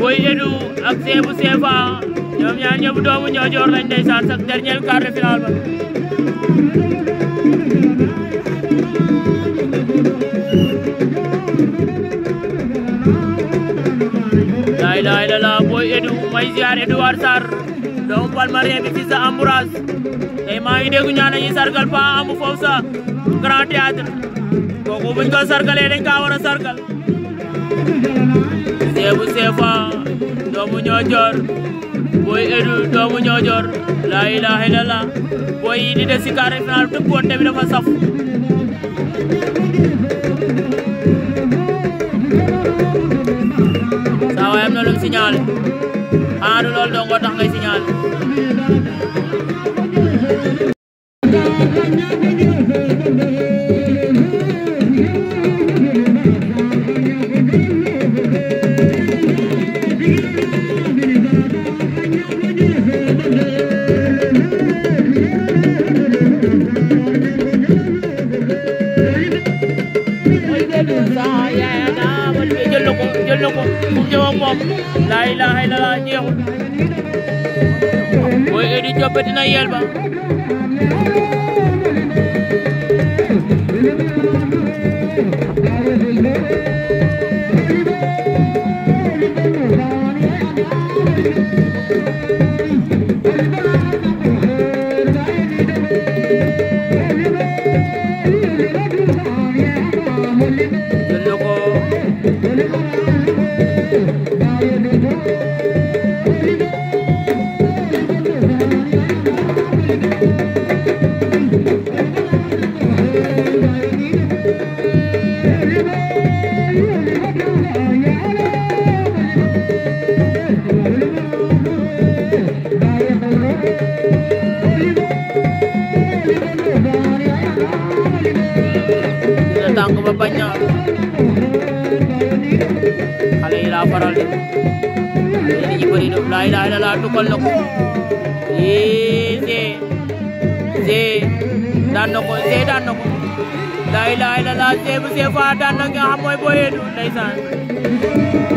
Boy Edou ak Seebu Seefa ñoom ñaar ñëpp doomu Ñoojoor lañ ndeysaan sax dernier quart de finale ba laay laay la la Boy Edou may ziar Edouard Sarr doomu Palmarin bi fils de Ambroise tey maa ngi dégg ñaan sargal pa amu foofu sa grand théâtre kooku buñ ko sargalee dañ kaa war a sargal seebu seefa doomu ñoojoor boy edu doomu ñoojoor laa ilaaha illallah boy yi di des ci carré final tëpp woon tamit dafa saf saa waay am na lu mu signalé xanaa du loolu dong moo tax đâu cùng nhau ông một đây là hay là nhiều quê đi cho bên này yên bạn Thank you. jàng ba bañ naa xale yi laa faral de xale yi ñu bëri de laay laay la laa tukkal na ko yee see see see daan na ko laay la laa see bu see faa daan na nga xam